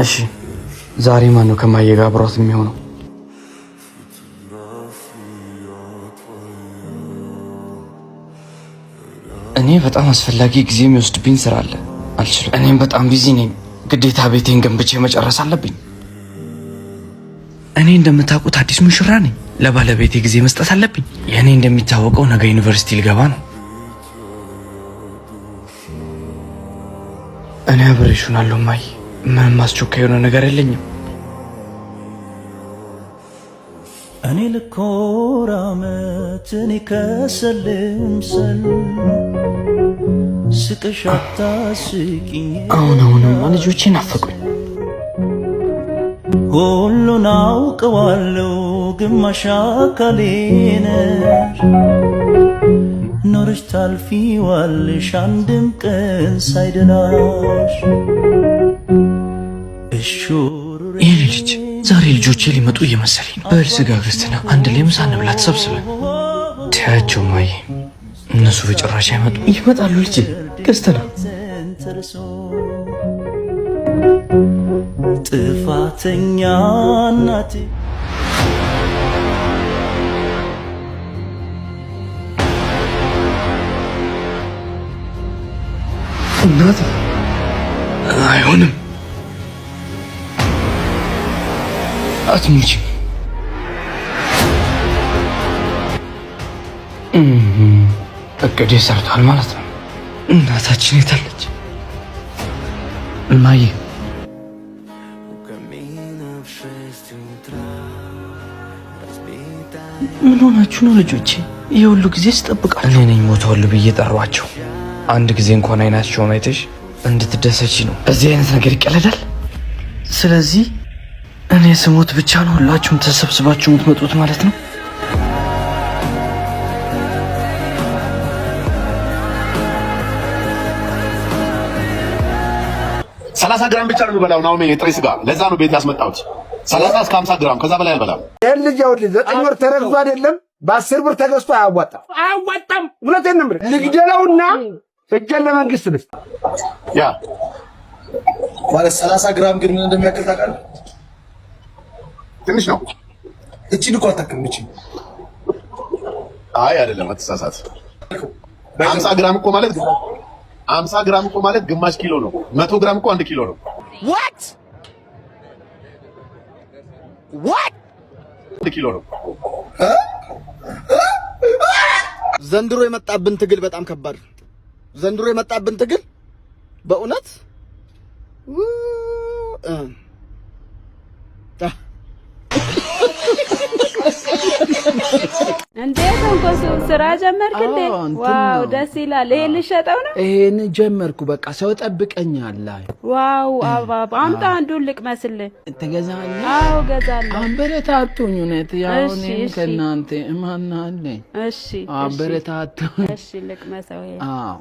እሺ ዛሬ ማን ነው ከማየ ጋር አብሯት የሚሆነው? እኔ በጣም አስፈላጊ ጊዜ የሚወስድብኝ ስራ አለ፣ አልችልም። እኔም በጣም ቢዚ ነኝ። ግዴታ ቤቴን ገንብቼ መጨረስ አለብኝ። እኔ እንደምታውቁት አዲስ ሙሽራ ነኝ። ለባለቤቴ ጊዜ መስጠት አለብኝ። የእኔ እንደሚታወቀው ነገ ዩኒቨርሲቲ ልገባ ነው። እኔ አብሬሽ ሆናለሁ እማዬ ምንም አስቸኳይ የሆነ ነገር የለኝም። እኔ ልኮር አመትን ሰል ስቅሻታ ስቂኝ አሁን አሁንማ ልጆቼ ናፈቁኝ። ሁሉን አውቀዋለው ግማሽ አካሌነሽ ኖረሽ ታልፊዋለሽ አንድም ቀን ሳይደላሽ ይህኔ ልጅ ዛሬ ልጆቼ ሊመጡ እየመሰለኝ ነው። በል ስጋ ክርስትና አንድ ላይ ምሳ እንብላ ተሰብስበን። ተያቸው ማየ፣ እነሱ በጭራሽ አይመጡም። ይመጣሉ ልጅ ክርስትና ጥፋተኛ እናቴ እናት አይሆንም አትምጪ። እቅዴ ሰርቷል ማለት ነው። እናታችን የታለች? እማዬ ምን ሆናችሁ ነው ልጆቼ? ይህ ሁሉ ጊዜ ስጠብቃችሁ እኔ ነኝ ሞተወሉ ብዬ ጠሯቸው። አንድ ጊዜ እንኳን አይናቸውን አይተሽ እንድትደሰች ነው። እዚህ አይነት ነገር ይቀለዳል። ስለዚህ እኔ ስሞት ብቻ ነው ሁላችሁም ተሰብስባችሁ የምትመጡት ማለት ነው? ሰላሳ ግራም ብቻ ነው የሚበላው ናሁሜ፣ የጥሬ ስጋ ለዛ ነው ቤት ያስመጣሁት። ሰላሳ እስከ ሀምሳ ግራም ከዛ በላይ አልበላም። ይህን ልጅ አውድ ዘጠኝ ወር ተረግዞ አይደለም በአስር ብር ተገዝቶ አያዋጣም፣ አያዋጣም። እውነቴን ነው የምልህ። ልግደለውና እጄን ለመንግስት ልስጥ። ያ ማለት ሰላሳ ግራም ግን ምን እንደሚያክል ታውቃለህ? ትንሽ ነው። እቺን እኮ አታክም። እቺ አይ አይደለም፣ አትሳሳት። ሀምሳ ግራም እኮ ማለት ሀምሳ ግራም እኮ ማለት ግማሽ ኪሎ ነው። መቶ ግራም እኮ አንድ ኪሎ ነው። ዋት ዋት አንድ ኪሎ ነው። ዘንድሮ የመጣብን ትግል በጣም ከባድ። ዘንድሮ የመጣብን ትግል በእውነት እንዴት እንኳን ስራ ጀመርክ እንዴ? ዋው ደስ ይላል። ይሄን ልሸጠው ነው? ይሄን ጀመርኩ። በቃ ሰው ጠብቀኛል። አይ ዋው አባ አምጣ አንዱ አንዱን ልቅመስል። ትገዛለህ? አዎ እገዛለሁ። አበረታቱኝ። እውነት ያሁን ከእናንተ ማን አለ? እሺ አበረታቱኝ። እሺ ልቅመሰው። ይሄ አዎ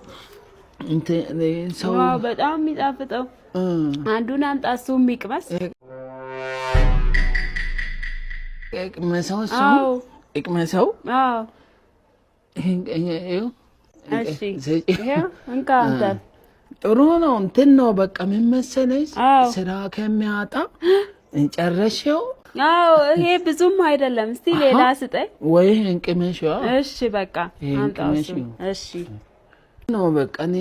እንትን ሰው ዋው በጣም የሚጣፍጠው አንዱን አምጣ፣ እሱም ይቅመስ። ቅመሰው ሰው ቅመሰው ጥሩ ነው። እንትን ነው በቃ ምን መሰለሽ ስራ ከሚያጣ ጨረሽው? አዎ ይሄ ብዙም አይደለም። እስቲ ሌላ ስጠኝ ወይ እሺ በቃ እሺ ነው በቃ እኔ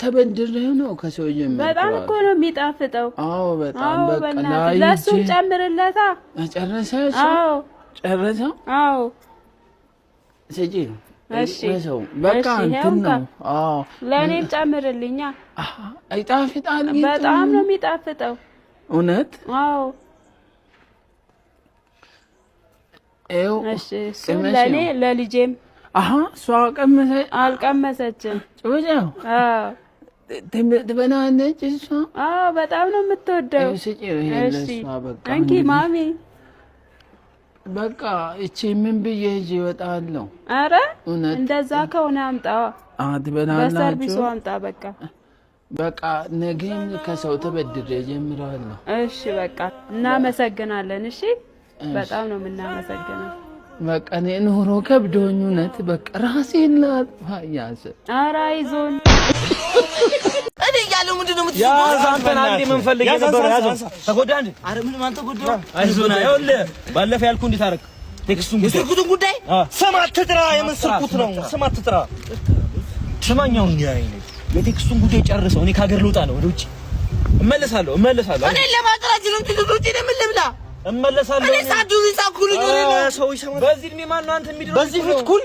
ተበድሬ ነው ከሰው በጣም እኮ ነው የሚጣፍጠው። አዎ በጣም በቃ ጨምርለታ ጨረሰሽ? አዎ ጨረሰው? አዎ። ስጪ። እሺ። በቃ እንትን ነው። አዎ። ለእኔም ጨምርልኛ። ይጣፍጣል። በጣም ነው የሚጣፍጠው። እውነት? አዎ። ይኸው ለእኔ ለልጄም። አሀ እሷ ቀመሰች? አልቀመሰችም። ጭውጨው ትበላለች እሷ። አዎ፣ በጣም ነው የምትወደው። ስጪ። ይሄ እንኪ ማሚ በቃ እቺ ምን ብዬ እጅ ይወጣል ነው። አረ እንደዛ ከሆነ አምጣ፣ በሰርቪሱ አምጣ። በቃ በቃ ነገም ከሰው ተበድሬ ጀምራለሁ። እሺ በቃ እናመሰግናለን። እሺ በጣም ነው የምናመሰግነው። በቃ እኔ ኑሮ ከብዶኝ እውነት በቃ ራሴን ላጥፋ ያዘ። አራይዞን እያለሁ ምንድን ነው ባለፈ የስርኩቱን ጉዳይ ስም አትጥራ። የምን ስርኩት ነው? ስም አትጥራ። ስማኛውን የቴክስቱን ጉዳይ ጨርሰው። እኔ ከሀገር ልውጣ ነው፣ ወደ ውጭ እመለሳለሁ። እመለሳለሁ እኔ ለማጥራት ነው እንጂ ልውጭ ለምን ልብላ እመለሳለሁ። እኔ ሳዱ ሳኩሉ ነው ሰው ይሰማል። በዚህ እድሜ ማን ነው አንተ የሚድረው በዚህ ፍትኩል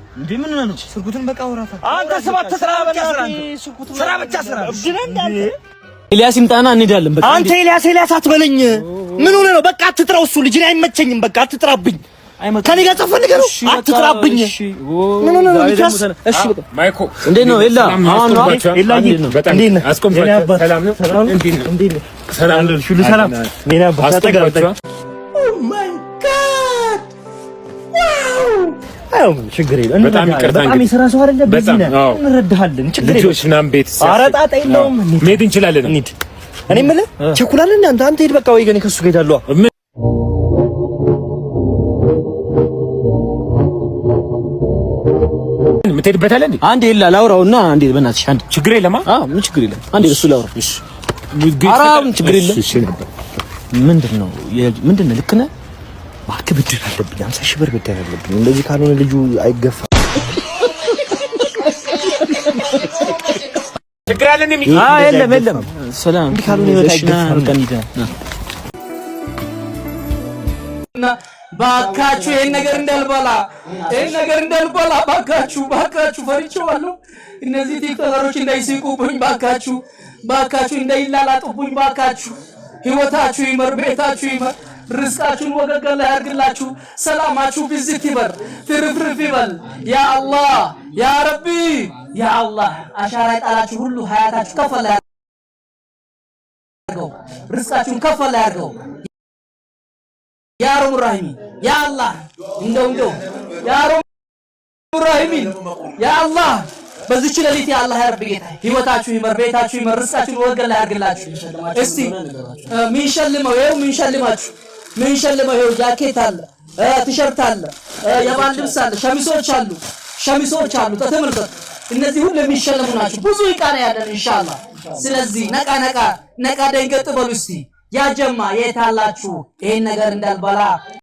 እንዴ ምን ነው ስርጉትን በቃ ወራታ አንተ ሰባት ስራ ብቻ ስራ ስራ ብቻ ስራ ኤልያስ ይምጣና እንሄዳለን። በቃ አንተ ኤልያስ ኤልያስ አትበለኝ። ምን ሆነ ነው? በቃ አትጥራው። እሱ ልጅ አይመቸኝም። በቃ አትጥራብኝ። ከኔ ጋር ጻፈልኝ ነው። አትጥራብኝ። ምን ሆነ ነው? ልጅ እሺ በቃ ማይኮ እንዴት ነው? ኤላ አሁን ነው ኤላ በጣም አስቆምኳቸው። ሰላም ነው። ሰላም ነው። ሰላም ነው። ሰላም ነው። ሰላም ነው። ችግር የለም። በጣም ይቅርታ። በጣም ሰው አይደለ፣ በዚህ እንረዳሃለን። ችግር የለም። ልጆች ቤት መሄድ እንችላለን። እንሂድ። እኔ የምልህ ቸኩላለን። አንተ አንተ ሂድ በቃ፣ ወይ ገኔ ጋር ሄዳለሁ በእናትሽ ችግር የለም። አዎ ምን ችግር የለም። እሱ እሺ፣ ችግር የለም። ምንድን ነው ምንድን ነው? ልክ ነህ እባክህ ብድር አለብኝ፣ አምሳ ሺህ ብር ብድር አለብኝ። እንደዚህ ካልሆነ ልጁ አይገፋም። የለም የለም፣ ሰላም ባካችሁ ነገር እንዳልበላ ይሄን ነገር እንዳልበላ ባካችሁ ባካችሁ፣ ፈርቼዋለሁ። እነዚህ ቲክቶከሮች እንዳይስቁብኝ ባካችሁ፣ ባካችሁ እንዳይላላጡብኝ ባካችሁ፣ ህይወታችሁ ይመር፣ ቤታችሁ ይመር። ርዝቃችሁን ወገገን ላይ ያድርግላችሁ። ሰላማችሁ ብዝት ይበል፣ ትርፍርፍ ይበል። ያ አላህ ያ ረቢ ያ አላህ አሻራ ይጣላችሁ ሁሉ ሀያታችሁ ከፍ ላይ ያድርገው፣ ርዝቃችሁን ከፍ ላይ ያድርገው። ያ ረሙ ራሂሚ ያ አላህ እንደው እንደው ያ ረሙ ራሂሚ ያ አላህ በዚች ሌሊት ያ አላህ ያ ጌታ ህይወታችሁ ይመር፣ ቤታችሁ ይመር፣ ርዝቃችሁን ወገን ላይ ያድርግላችሁ። እስቲ ሚንሸልመው ይኸው ሚንሸልማችሁ ምን ሸልመው ይሄው ጃኬት አለ፣ ቲሸርት አለ፣ የባል ልብስ አለ፣ ሸሚሶች አሉ፣ ሸሚሶች አሉ። ተመልከቱ፣ እነዚህ ሁሉ የሚሸለሙ ናቸው። ብዙ ዕቃ ነው ያለን ኢንሻአላህ። ስለዚህ ነቃ ነቃ ነቃ ደንገጥ በሉ እስቲ። ያጀማ የታላችሁ ይሄን ነገር እንዳልበላ